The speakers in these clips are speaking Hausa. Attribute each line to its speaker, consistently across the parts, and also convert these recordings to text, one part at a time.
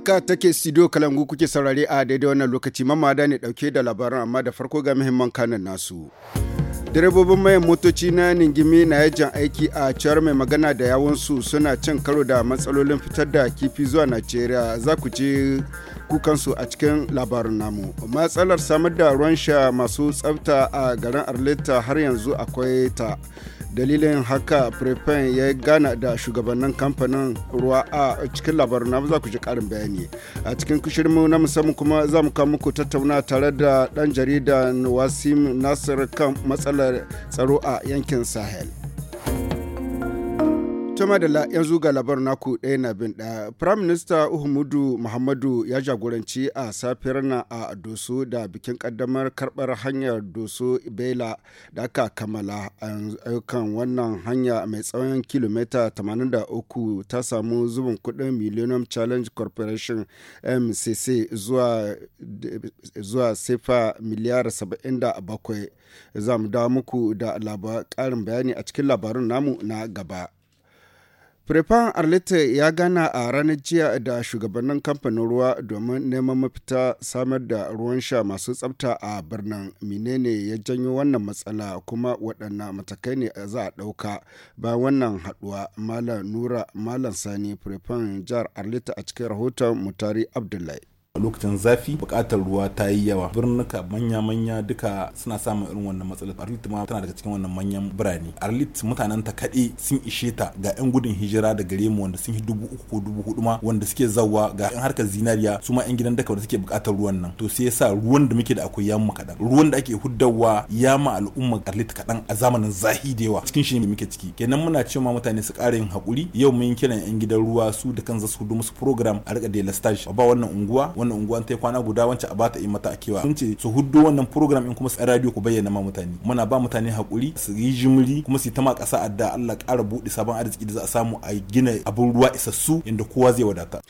Speaker 1: Haka take studio Kalangu kuke saurare a daidai wannan lokaci mamada ne dauke da labaran amma da farko ga muhimman kanan nasu. direbobin mayan motoci na ningimi na yajin aiki a ciyar mai magana da yawunsu suna cin karo da matsalolin fitar da kifi zuwa najeriya za ku je kukansu a cikin labarin namu matsalar samar da ruwan sha masu tsafta a garin arleta har yanzu akwai ta dalilin haka prepen ya gana da shugabannin kamfanin ruwa a cikin labarin na za ku ji karin bayani a cikin kushirmu na musamman kuma za mu kawo muku tattauna tare da dan jarida wasim nasir kan matsalar tsaro a yankin sahel madalla yanzu ga labarin naku ɗaya na bin ɗaya. Prime Minister Uhumudu Muhammadu ya jagoranci a safiyar na a Doso da bikin kaddamar karɓar hanyar Doso Bela da aka kammala ayyukan wannan hanya mai tsawon kilomita 83 ta samu zubin kuɗin Millennium Challenge Corporation MCC zuwa zuwa sefa miliyar 77 za mu dawo muku da ƙarin bayani a cikin labarun namu na gaba. Firifan Arlette ya gana a ranar jiya da shugabannin kamfanin ruwa domin neman mafita samar da ruwan sha masu tsabta a birnin. Menene ya janyo wannan matsala kuma waɗanna matakai ne za a ɗauka ba wannan haɗuwa Malam Nura Malam Sani Firifan jihar Arlette a cikin rahoton Mutari Abdullahi. a lokacin zafi bukatar ruwa ta yi yawa birnuka manya-manya duka suna samun irin wannan matsalar arlit ma tana daga cikin wannan manyan birane arlit mutanen ta kaɗe sun ishe ta ga 'yan gudun hijira da gare mu wanda sun yi dubu uku ko dubu hudu ma wanda suke zawa ga 'yan harkar zinariya su ma 'yan gidan daka wanda suke bukatar ruwan nan to sai yasa ruwan da muke da akwai ya mu kaɗan ruwan da ake huddawa ya ma al'umma arlit kaɗan a zamanin zahi da yawa cikin shi ne muke ciki kenan muna cewa mutane su ƙara yin hakuri yau mun kiran 'yan gidan ruwa su da kan zasu hudu musu program a riƙa delastage ba wannan unguwa wannan unguwan ta kwana guda wancan a bata in mata a kewa sun ce su huddo wannan program in kuma su radio ku bayyana ma mutane muna ba mutane hakuri su yi jimri kuma su yi ta ma ƙasa adda Allah ƙara buɗe sabon arziki da za a samu a gina abun ruwa isassu inda kowa zai wadata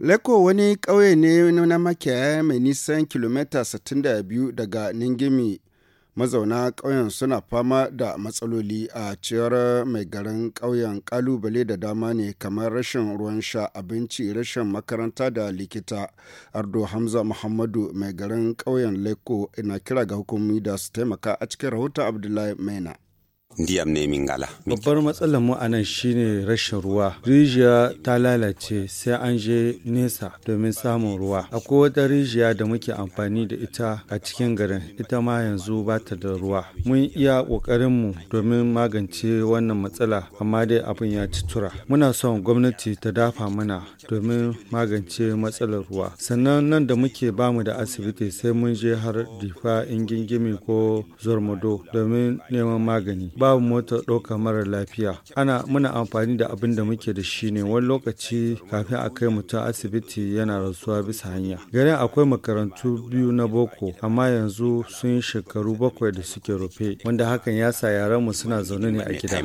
Speaker 1: Leko wani ƙauye ne na makiyaya mai nisan kilomita 62 daga Ningimi mazauna ƙauyen suna fama da matsaloli a ciyar mai garin ƙauyen ƙalubale da dama ne kamar rashin ruwan sha abinci rashin makaranta da likita ardo hamza muhammadu mai garin ƙauyen leko ina kira ga hukumi da su taimaka a cikin rahoton abdullahi maina
Speaker 2: ndiyam ne min gala. Babbar matsalar mu anan shine rashin ruwa. Rijiya ta lalace sai an je nesa domin samun ruwa. Akwai wata rijiya da muke amfani da ita a cikin garin ita ma yanzu ba ta da ruwa. Mun iya kokarin mu domin magance wannan matsala amma dai abin ya ci tura. Muna son gwamnati ta dafa mana domin magance matsalar ruwa. Sannan nan da muke bamu da asibiti sai mun je har difa gingimi ko zormodo domin neman magani. babu motar ɗauka mara lafiya ana muna amfani da abin da muke da shi ne wani lokaci kafin a kai mutum asibiti yana rasuwa bisa hanya garin akwai makarantu biyu na boko amma yanzu sun yi shekaru bakwai da suke rufe wanda hakan ya sa yaranmu suna zaune ne a gida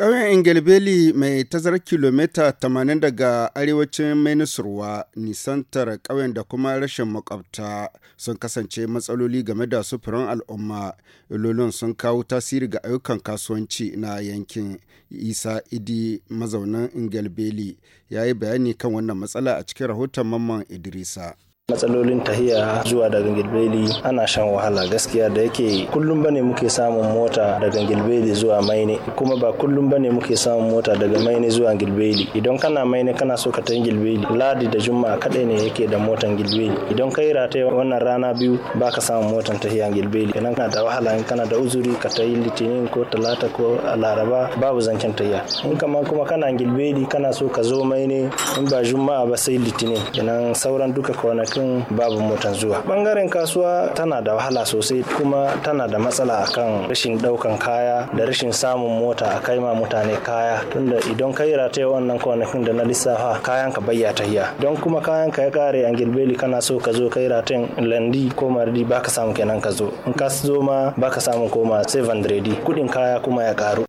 Speaker 1: Ƙauyen Ingilbeli mai tazarar kilomita tamanin daga arewacin Minisurwa, nisantar ƙauyen da kuma rashin makwabta sun kasance matsaloli game da sufurin al'umma. Ilolin sun kawo tasiri ga ayyukan kasuwanci na yankin Isa Idi mazaunan Ingilbeli ya yi bayani kan wannan matsala a cikin rahoton Mamman Idrisa. matsalolin tahiya zuwa daga gilbeli ana shan wahala gaskiya da yake kullum bane muke samun mota daga gilbeli zuwa maine kuma ba kullum bane muke samun mota daga maine zuwa gilbeli idan kana maine kana so ka tafi gilbeli ladi da juma kadai ne yake da motan gilbeli idan kai rataye wannan rana biyu baka samun motan tahiya gilbeli idan kana da wahala in kana da uzuri ka tafi litinin ko talata ko laraba babu zancen tahiya in kama kuma kana gilbeli kana so ka zo maine in ba juma'a ba sai litinin idan sauran duka kwanakin lokacin babu motar zuwa bangaren kasuwa tana da wahala sosai kuma tana da matsala akan rashin daukan kaya da rashin samun mota a kai ma mutane kaya tunda idan kai rataya wannan kwanakin da na lissafa kayan ka bayya hiya don kuma kayan ka ya kare an gilbeli kana so ka zo kai ratayin landi ko mardi baka samu kenan ka zo in ka zo ma baka samu koma sai vendredi kudin kaya kuma ya karu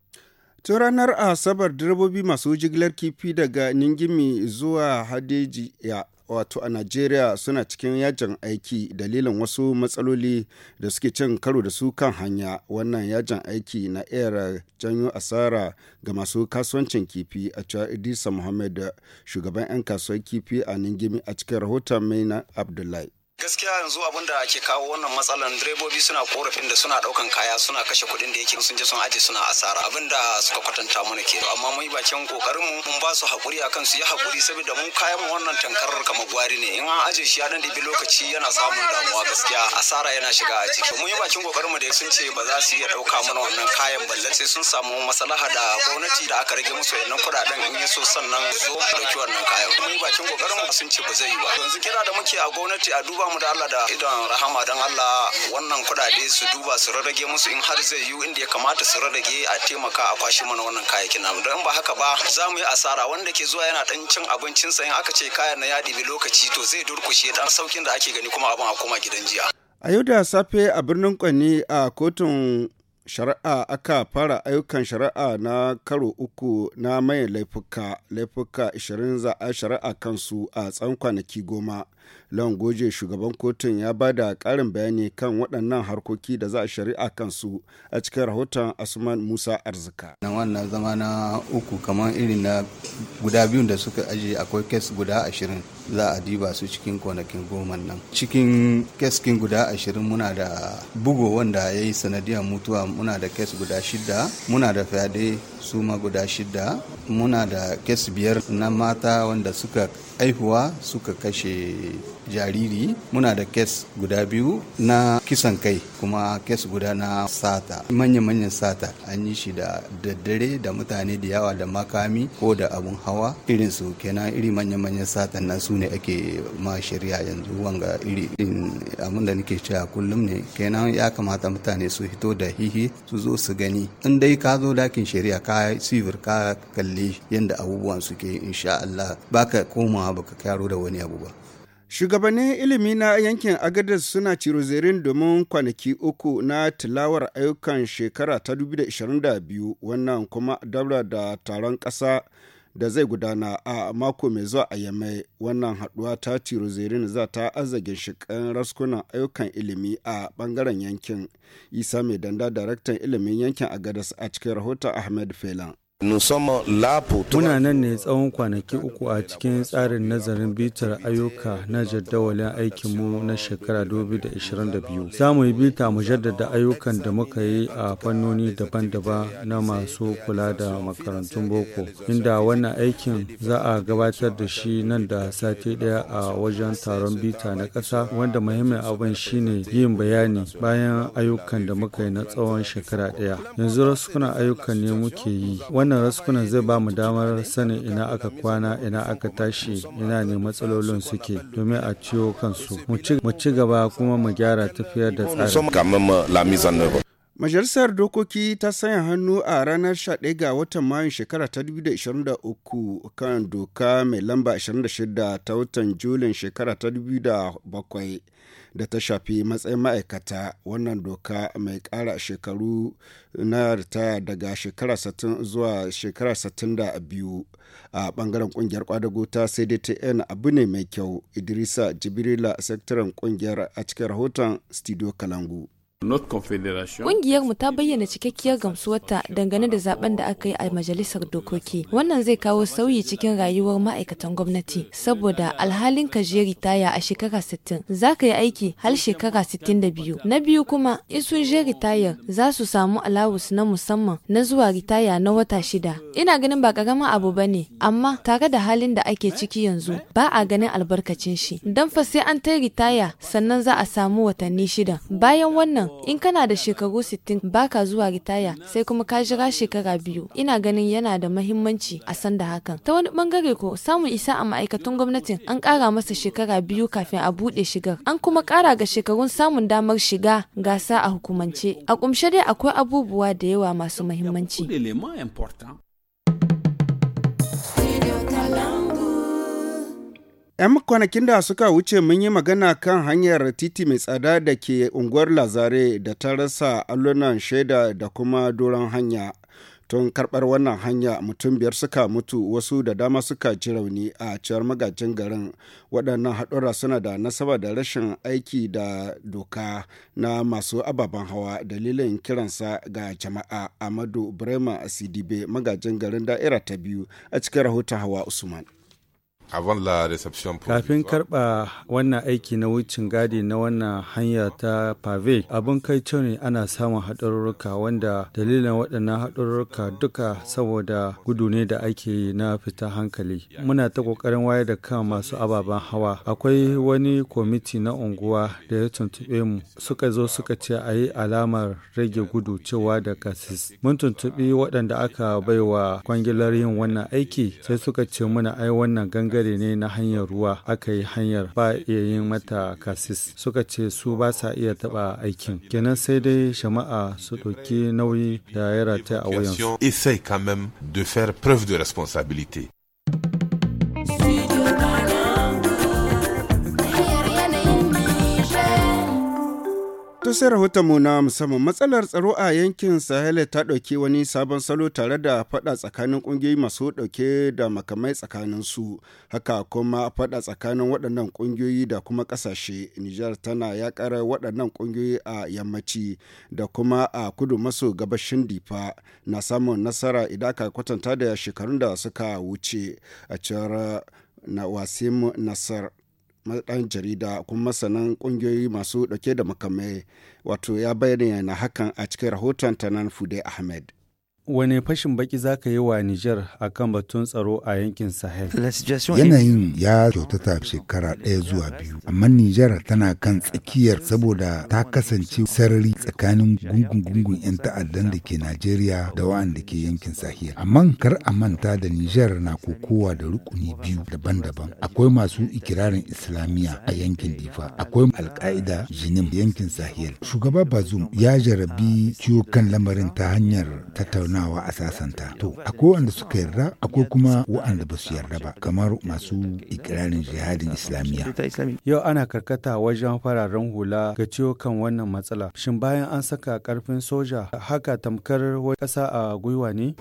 Speaker 1: Tun ranar Asabar direbobi masu jigilar kifi daga Ningimi zuwa Hadeji ya wato a Najeriya suna cikin yajin aiki dalilin wasu matsaloli da suke cin karo da su kan hanya wannan yajin aiki na iya janyo asara ga masu kasuwancin kifi a cewa Idrisa Muhammad shugaban 'yan kasuwar kifi a Ningimi a cikin rahoton mai na Abdullahi.
Speaker 3: gaskiya yanzu abin da ke kawo wannan matsalan direbobi suna korafin da suna daukan kaya suna kashe kuɗin da yake sun je sun aje suna asara abin da suka kwatanta mana ke amma mun bakin kokarin mu mun ba su hakuri akan su yi hakuri saboda mun kayan mu wannan tankar kamar gwari ne in an aje shi ya dan dibi lokaci yana samun damuwa gaskiya asara yana shiga a ciki mun yi bakin kokarin mu da sun ce ba za su iya dauka mana wannan kayan balle sai sun samu maslaha da gwamnati da aka rage musu wannan kuɗaɗen in yi so sannan zo dauki wannan kayan mun yi bakin kokarin mu sun ce ba zai yi ba yanzu kira da muke a gwamnati a duba mu da Allah da idon rahama don Allah wannan kudade su duba su rarrage musu in har zai yiwu inda ya kamata su rarrage a taimaka a kwashe mana wannan kayakin namu don ba haka ba za mu yi asara wanda ke zuwa yana dan cin abincinsa in aka ce kayan na yadi ɗibi lokaci to zai durkushe dan saukin da ake gani kuma abin a koma gidan jiya.
Speaker 1: A yau da safe a birnin Kwani a kotun shari'a aka fara ayyukan shari'a na karo uku na mai laifuka laifuka 20 za a shari'a kansu a tsawon kwanaki goma. Lawan Goje shugaban kotun ya ba da karin bayani kan waɗannan harkoki da za a shari'a kansu a cikin rahoton Asman Musa Arzika.
Speaker 3: Na wannan zama na uku kamar irin na guda biyun da suka aje akwai kes guda ashirin za a diba su cikin kwanakin goma nan. Cikin keskin guda ashirin muna da bugo wanda ya yi sanadiyar mutuwa muna da kes guda shida muna da fyaɗe su ma guda shida muna da kes biyar na mata wanda suka haihuwa suka kashe jariri muna da kes guda biyu na kisan kai kuma kes guda na sata manya-manyan sata an yi shi da daddare da mutane da yawa da makami ko da abun hawa irin su kenan iri manya-manyan sata nan su ne ake ma shari'a yanzu wanga iri abin da nake cewa kullum ne kenan ya kamata mutane su hito da hihi su zo su gani in dai ka zo dakin shari'a ka sivir ka kalli yadda abubuwan suke insha Allah baka komawa baka karo da wani abu ba Shugabannin
Speaker 1: ilimi na yankin Agadez suna cirozerin domin kwanaki uku na tilawar ayyukan shekara ta 2022 wannan kuma dabra da taron ƙasa da zai gudana a mako mai zuwa a yamai wannan haɗuwa ta cirozerin za ta arzikin shikan raskunan ayyukan ilimi a ɓangaren yankin isa mai danda daraktan ilimin yankin agadas a cikin rahoton ahmed felan
Speaker 2: Muna nan ne tsawon kwanaki uku a cikin tsarin nazarin bitar ayyuka na jadawalin aikinmu na shekara 2022. Za mu yi bita mu jaddada ayyukan da muka yi a fannoni daban-daban na masu kula da makarantun boko, inda wannan aikin za a gabatar da shi nan da sati daya a wajen taron bita na ƙasa wanda muhimmin abin shine yin bayani bayan ayyukan da muka yi na tsawon shekara ɗaya. Yanzu ayyukan ne muke yi. wannan raskunan zai ba mu damar sanin ina aka kwana ina aka tashi ina ne matsalolin suke domin a ciwo kansu mu ci gaba kuma mu gyara tafiyar da tsari. Majalisar
Speaker 1: Dokoki ta sanya hannu a ranar 11 ga watan Mayun shekara ta 2023 kan doka mai lamba 26 ta watan Julin shekara ta 2007 da ta shafi matsayin ma'aikata wannan doka mai ƙara shekaru na ritaya daga shekara 60 zuwa shekara 62 a ɓangaren ƙungiyar kwadago ta CDTN abu ne mai kyau Idrisa Jibrila sektoran ƙungiyar a cikin rahoton Studio Kalangu. Ƙungiyar
Speaker 3: mu ta
Speaker 2: bayyana cikakkiyar gamsuwarta dangane da zaben da aka yi a majalisar dokoki. Wannan zai kawo sauyi cikin rayuwar ma'aikatan gwamnati saboda alhalin ka je ritaya a shekara 60 za ka yi aiki har shekara 62. Na biyu kuma in sun je ritayar za su samu alawus na musamman na zuwa ritaya na wata shida. Ina ganin ba ƙaramin abu ba ne amma tare da halin da ake ciki yanzu ba a ganin albarkacin shi. Dan fa sai an ta ritaya sannan za a samu watanni shida. Bayan wannan in kana da shekaru 60 baka zuwa ritaya sai kuma ka jira shekara biyu ina ganin yana da mahimmanci a san da hakan ta wani bangare ko samun isa a ma'aikatan gwamnatin an kara masa shekara biyu kafin a bude shigar an kuma kara ga shekarun samun damar shiga gasa a hukumance a kumshe dai akwai abubuwa da yawa
Speaker 3: masu mahimmanci
Speaker 1: 'Yan kwanakin da suka wuce mun yi magana kan hanyar titi mai tsada da ke unguwar Lazare da ta rasa allunan shaida da kuma doron hanya. Tun karbar wannan hanya mutum biyar suka mutu wasu da dama suka ji rauni a ciyar magajin garin. Waɗannan haɗura suna da nasaba da rashin aiki da doka na masu ababen hawa dalilin kiransa ga jama'a Amadu Brema Sidibe magajin garin da'ira ta biyu a cikin rahoton hawa Usman.
Speaker 2: Kafin karɓa wannan aiki na wucin gadi na wannan hanya ta pave abin kai ne ana samun haɗarurruka wanda dalilin waɗannan haɗarurruka duka saboda gudu ne da ake na fita hankali. Muna ta ƙoƙarin wayar da kan masu ababen hawa. Akwai wani kwamiti na unguwa da ya tuntuɓe mu suka zo suka ce a yi alamar rage gudu cewa da kasis. Mun tuntuɓi waɗanda aka baiwa kwangilar yin wannan aiki sai suka ce muna ai wannan ganga bangare ne na hanyar ruwa aka yi hanyar ba iya yin mata kasis suka ce su ba sa iya taba aikin kenan sai dai shama'a su ɗauki nauyi da ya rata a wayansu.
Speaker 1: To sai rahotonmu na musamman matsalar tsaro a yankin Sahel ta ɗauki wani sabon salo tare da faɗa tsakanin ƙungiyoyi masu ɗauke da makamai tsakanin su. Haka kuma faɗa tsakanin waɗannan ƙungiyoyi da kuma ƙasashe. Nijar tana yakar waɗannan ƙungiyoyi a yammaci da kuma a kudu maso gabashin Difa na samun nasara idan aka kwatanta da shekarun da suka wuce a cewar Nasar. ɗan jarida kuma masanin ƙungiyoyi masu dauke da makamai wato ya bayyana hakan a cikin rahoton
Speaker 2: tanan fude ahmed Wane fashin baki za ka yi wa Nijar a kan batun tsaro a yankin Sahel? Yanayin
Speaker 4: ya kyautata shekara ɗaya zuwa biyu, amma Nijar tana kan tsakiyar saboda ta kasance sarari tsakanin gungun-gungun 'yan ta'addan da ke Najeriya da wa'anda ke yankin Sahel. Amma kar a manta da Nijar na kokowa da rukuni biyu daban-daban. Akwai masu ikirarin Islamiyya a yankin Difa, akwai Al-Qaida Jinim yankin Sahel. Shugaba Bazoum ya jarabi ciwo kan lamarin ta hanyar tattaunawa tattaunawa a sasanta to akwai wanda suka yarda akwai kuma wa'anda ba su yarda ba kamar masu ikirarin jihadin islamiyya
Speaker 2: yau ana karkata wajen fararen hula ga ciwo kan wannan matsala shin bayan an saka karfin soja haka tamkar wata ƙasa a gwiwa ne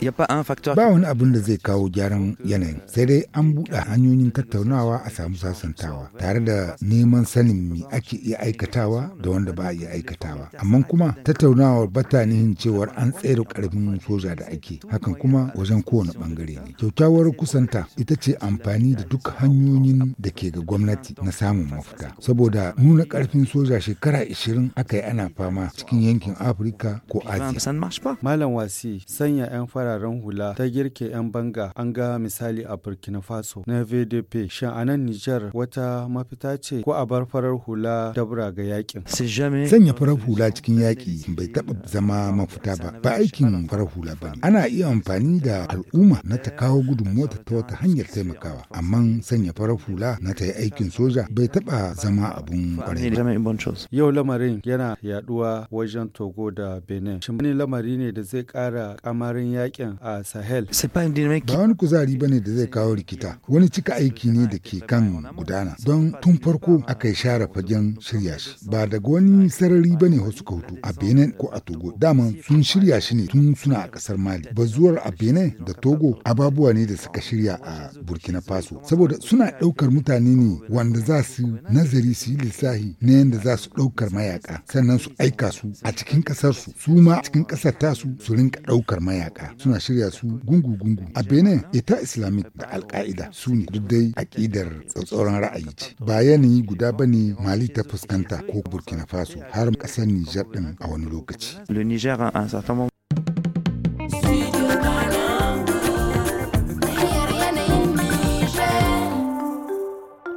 Speaker 2: ba
Speaker 4: wani abin da zai kawo gyaran yanayin sai dai an buɗe hanyoyin tattaunawa a samu sasantawa tare da neman sanin me ake iya aikatawa da wanda ba a iya aikatawa amma kuma tattaunawar bata nihin cewar an tsere karfin soja pauza da ake hakan kuma wajen kowane bangare ne kyaukyawar kusanta ita ce amfani da duk hanyoyin da ke ga gwamnati na samun mafita saboda nuna karfin soja shekara 20 aka yi ana fama cikin yankin afirka ko
Speaker 2: asiya malam wasi sanya 'yan fararen hula ta girke 'yan banga an ga misali a burkina faso na vdp shan a nan nijar wata mafita ce ko a bar farar hula dabra ga yakin sanya
Speaker 4: farar hula cikin yaki bai taba zama mafita ba ba aikin farar hula daban ana iya amfani da al'umma na ta kawo gudunmuwa ta wata hanyar taimakawa amma sanya farar hula na ta yi aikin soja bai taba zama abun kwarai
Speaker 2: yau lamarin yana yaduwa wajen togo da benin shin wani lamari ne da zai kara kamarin yakin a sahel
Speaker 4: ba wani kuzari bane da zai kawo rikita wani cika aiki ne da ke kan gudana don tun farko aka yi share fagen shirya shi ba daga wani sarari bane wasu kautu a benin ko a togo dama sun shirya shi ne tun suna a kasar mali bazuwar a benin da togo ababuwa ne da suka shirya a burkina faso saboda suna ɗaukar mutane ne wanda za su nazari su yi lissahi na yadda za su ɗaukar mayaka sannan su aika su a cikin kasar su su ma cikin kasar tasu su rinka ɗaukar mayaka suna shirya su gungu-gungu a benin ita islamic da alka'ida su ne duk dai aƙidar tsatsauran ra'ayi ce bayani guda ba ne mali ta fuskanta ko burkina faso har ƙasar nijar din a wani lokaci. Le Niger a certain moment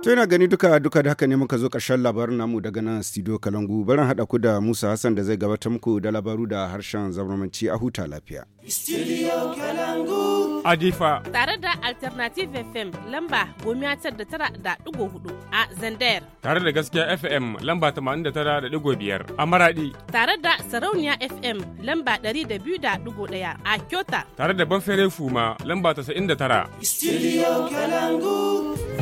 Speaker 1: To yana gani duka duka da haka ne muka zo karshen labarin namu daga nan studio Kalangu barin haɗa ku da Musa Hassan da zai gabatar muku da labaru da harshen zamananci a huta lafiya.
Speaker 2: Studio Kalangu.
Speaker 1: Adifa.
Speaker 2: Tare da Alternative
Speaker 1: FM lamba gomi da tara da ɗigo hudu a Zandayar. Tare da gaskiya FM lamba tamanin da tara da ɗigo biyar a Maraɗi. Tare da Sarauniya FM lamba ɗari
Speaker 4: da biyu da ɗigo ɗaya a Kyota.
Speaker 1: Tare da Banfere Fuma lamba tasa'in da tara.
Speaker 4: Studio Kalangu.